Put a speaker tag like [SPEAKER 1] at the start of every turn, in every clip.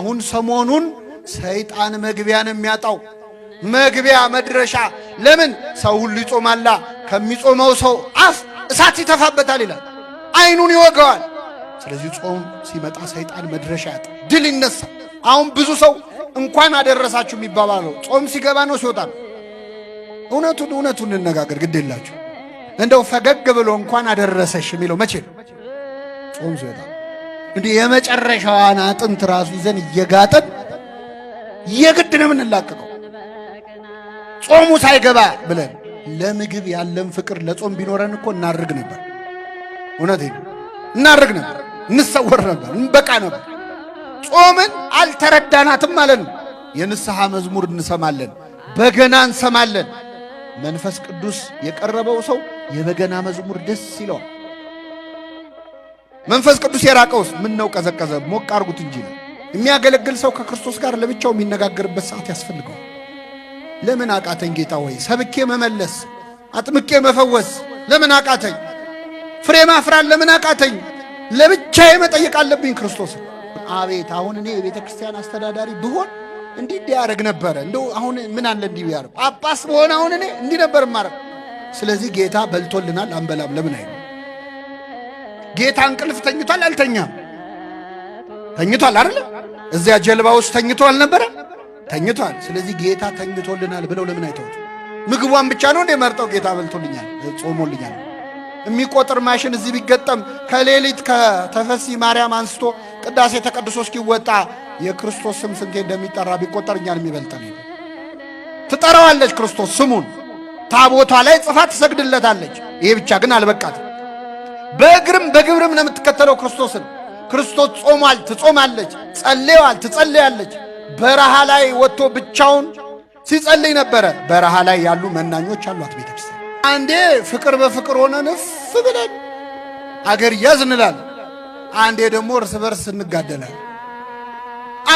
[SPEAKER 1] አሁን ሰሞኑን ሰይጣን መግቢያ ነው የሚያጣው። መግቢያ መድረሻ። ለምን ሰው ሁሉ ይጾማላ። ከሚጾመው ሰው አፍ እሳት ይተፋበታል ይላል፣ አይኑን ይወገዋል። ስለዚህ ጾም ሲመጣ ሰይጣን መድረሻ ያጣ፣ ድል ይነሳ። አሁን ብዙ ሰው እንኳን አደረሳችሁ የሚባባለው ጾም ሲገባ ነው ሲወጣ ነው። እውነቱን እውነቱን እንነጋገር፣ ግድ የላችሁ እንደው ፈገግ ብሎ እንኳን አደረሰሽ የሚለው መቼ ነው? ጾም ሲወጣ እንዲህ የመጨረሻዋን አጥንት ራሱ ይዘን እየጋጠን የግድ ነው የምንላቀቀው። ጾሙ ሳይገባ ብለን ለምግብ ያለን ፍቅር ለጾም ቢኖረን እኮ እናድርግ ነበር። እውነት እናድርግ ነበር፣ እንሰወር ነበር፣ እንበቃ ነበር። ጾምን አልተረዳናትም ማለት ነው። የንስሐ መዝሙር እንሰማለን፣ በገና እንሰማለን። መንፈስ ቅዱስ የቀረበው ሰው የበገና መዝሙር ደስ ይለዋል። መንፈስ ቅዱስ የራቀውስ ምን ነው ቀዘቀዘ? ሞቅ አርጉት እንጂ ነው። የሚያገለግል ሰው ከክርስቶስ ጋር ለብቻው የሚነጋገርበት ሰዓት ያስፈልገው። ለምን አቃተኝ ጌታ ወይ? ሰብኬ መመለስ፣ አጥምቄ መፈወስ ለምን አቃተኝ? ፍሬ ማፍራት ለምን አቃተኝ? ለብቻዬ መጠየቅ አለብኝ ክርስቶስ። አቤት አሁን እኔ የቤተ ክርስቲያን አስተዳዳሪ ብሆን እንዲህ ያደረግ ነበረ። እንደው አሁን ምን አለ እንዲህ ያደርግ። ጳጳስ በሆነ አሁን እኔ እንዲህ ነበር ማረግ። ስለዚህ ጌታ በልቶልናል፣ አንበላም ለምን አይ ጌታ እንቅልፍ ተኝቷል አልተኛም? ተኝቷል አይደል? እዚያ ጀልባ ውስጥ ተኝቶ አልነበረ? ተኝቷል። ስለዚህ ጌታ ተኝቶልናል ብለው ለምን አይተውት? ምግቧን ብቻ ነው እንደ መርጠው ጌታ በልቶልኛል፣ ጾሞልኛል። የሚቆጥር ማሽን እዚህ ቢገጠም ከሌሊት ከተፈሲ ማርያም አንስቶ ቅዳሴ ተቀድሶ እስኪወጣ የክርስቶስ ስም ስንቴ እንደሚጠራ ቢቆጠርኛል እኛን የሚበልጠን ትጠራዋለች። ክርስቶስ ስሙን ታቦቷ ላይ ጽፋ ትሰግድለታለች። ይሄ ብቻ ግን አልበቃት በእግርም በግብርም ነው የምትከተለው ክርስቶስን። ክርስቶስ ጾሟል፣ ትጾማለች፣ ጸልየዋል፣ ትጸልያለች። በረሃ ላይ ወጥቶ ብቻውን ሲጸልይ ነበረ። በረሃ ላይ ያሉ መናኞች አሏት ቤተ ክርስቲያን። አንዴ ፍቅር በፍቅር ሆነን እፍ ብለን አገር ያዝንላል? እንላለን። አንዴ ደግሞ እርስ በርስ እንጋደላለን።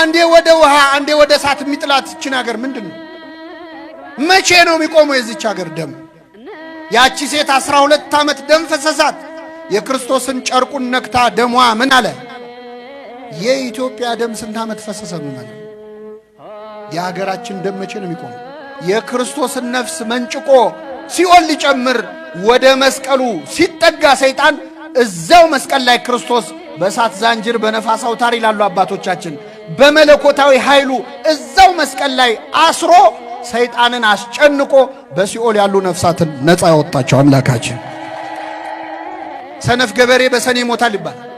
[SPEAKER 1] አንዴ ወደ ውሃ አንዴ ወደ እሳት የሚጥላት ይችን አገር ምንድን ነው? መቼ ነው የሚቆመው የዚች አገር ደም? ያቺ ሴት አስራ ሁለት ዓመት ደም ፈሰሳት። የክርስቶስን ጨርቁን ነክታ ደሟ ምን አለ? የኢትዮጵያ ደም ስንት ዓመት ፈሰሰ? ምመና የሀገራችን ደም መቼ ነው የሚቆመው? የክርስቶስን ነፍስ መንጭቆ ሲኦል ሊጨምር ወደ መስቀሉ ሲጠጋ ሰይጣን እዛው መስቀል ላይ ክርስቶስ በእሳት ዛንጅር በነፋስ አውታር ይላሉ አባቶቻችን፣ በመለኮታዊ ኃይሉ እዛው መስቀል ላይ አስሮ ሰይጣንን አስጨንቆ በሲኦል ያሉ ነፍሳትን ነፃ ያወጣቸው አምላካችን ሰነፍ ገበሬ በሰኔ ይሞታል ይባላል።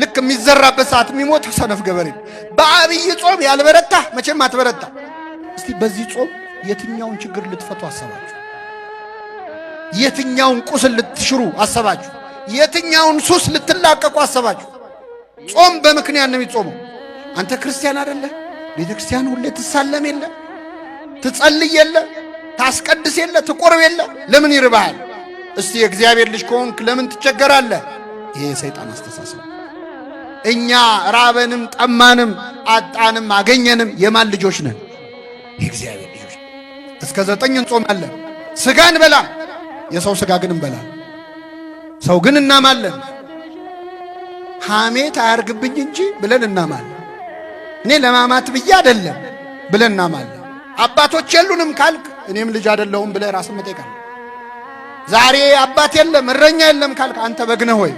[SPEAKER 1] ልክ የሚዘራበት ሰዓት የሚሞት ሰነፍ ገበሬ። በአብይ ጾም ያልበረታ መቼም አትበረታ። እስቲ በዚህ ጾም የትኛውን ችግር ልትፈቱ አሰባችሁ? የትኛውን ቁስል ልትሽሩ አሰባችሁ? የትኛውን ሱስ ልትላቀቁ አሰባችሁ? ጾም በምክንያት ነው የሚጾመው። አንተ ክርስቲያን አይደለ? ቤተ ክርስቲያን ሁሌ ትሳለም የለ፣ ትጸልይ የለ፣ ታስቀድስ የለ፣ ትቆርብ የለ። ለምን ይርባሃል? እስቲ የእግዚአብሔር ልጅ ከሆንክ ለምን ትቸገራለህ? ይሄ የሰይጣን አስተሳሰብ። እኛ ራበንም፣ ጠማንም፣ አጣንም፣ አገኘንም የማን ልጆች ነን? የእግዚአብሔር ልጆች። እስከ ዘጠኝ እንጾማለን፣ ስጋ እንበላም፣ የሰው ስጋ ግን እንበላል። ሰው ግን እናማለን። ሐሜት አያርግብኝ እንጂ ብለን እናማለን። እኔ ለማማት ብዬ አይደለም ብለን እናማለን። አባቶች የሉንም ካልክ እኔም ልጅ አይደለሁም ብለህ ራስን መጠይቃል። ዛሬ አባት የለም እረኛ የለም ካልክ አንተ በግ ነህ ወይ?